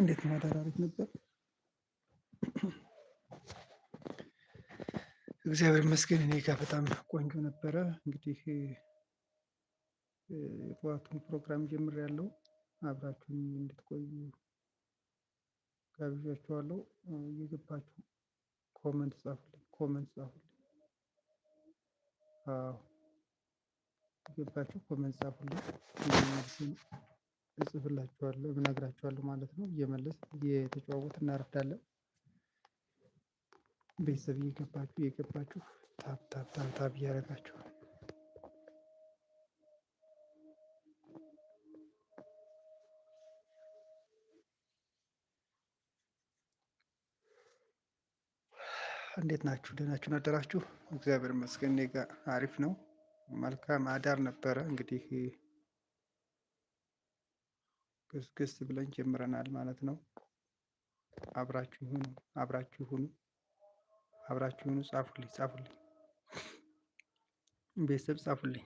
እንዴት ማዳር አሪፍ ነበር። እግዚአብሔር ይመስገን እኔ ጋር በጣም ቆንጆ ነበረ። እንግዲህ የጠዋቱን ፕሮግራም ጀምር ያለው አብራችሁን እንድትቆዩ ጋብዣችኋለሁ። እየገባችሁ ኮመንት ጻፉልኝ፣ ኮመንት ጻፉልኝ። አዎ እየገባችሁ ኮመንት ጻፉልኝ። እጽፍላችኋለሁ እነግራችኋለሁ ማለት ነው። እየመለስ እየተጫወት እናረፍዳለን። ቤተሰብ እየገባችሁ እየገባችሁ ታብ ታብ ታብ ታብ እያደረጋችሁ እንዴት ናችሁ? ደህናችሁን አደራችሁ? እግዚአብሔር ይመስገን እኔ አሪፍ ነው። መልካም አዳር ነበረ እንግዲህ ገስገስ ብለን ጀምረናል ማለት ነው። አብራችሁ ሁኑ፣ አብራችሁ ሁኑ፣ አብራችሁ ሁኑ። ጻፉልኝ፣ ጻፉልኝ፣ ቤተሰብ ጻፉልኝ።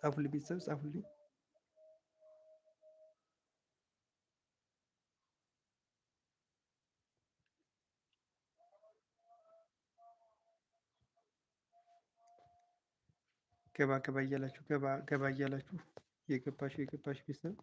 ጻፉልኝ፣ ቤተሰብ ጻፉልኝ። ገባ ገባ እያላችሁ ገባ ገባ እያላችሁ የገባችሁ የገባችሁ ቤተሰብ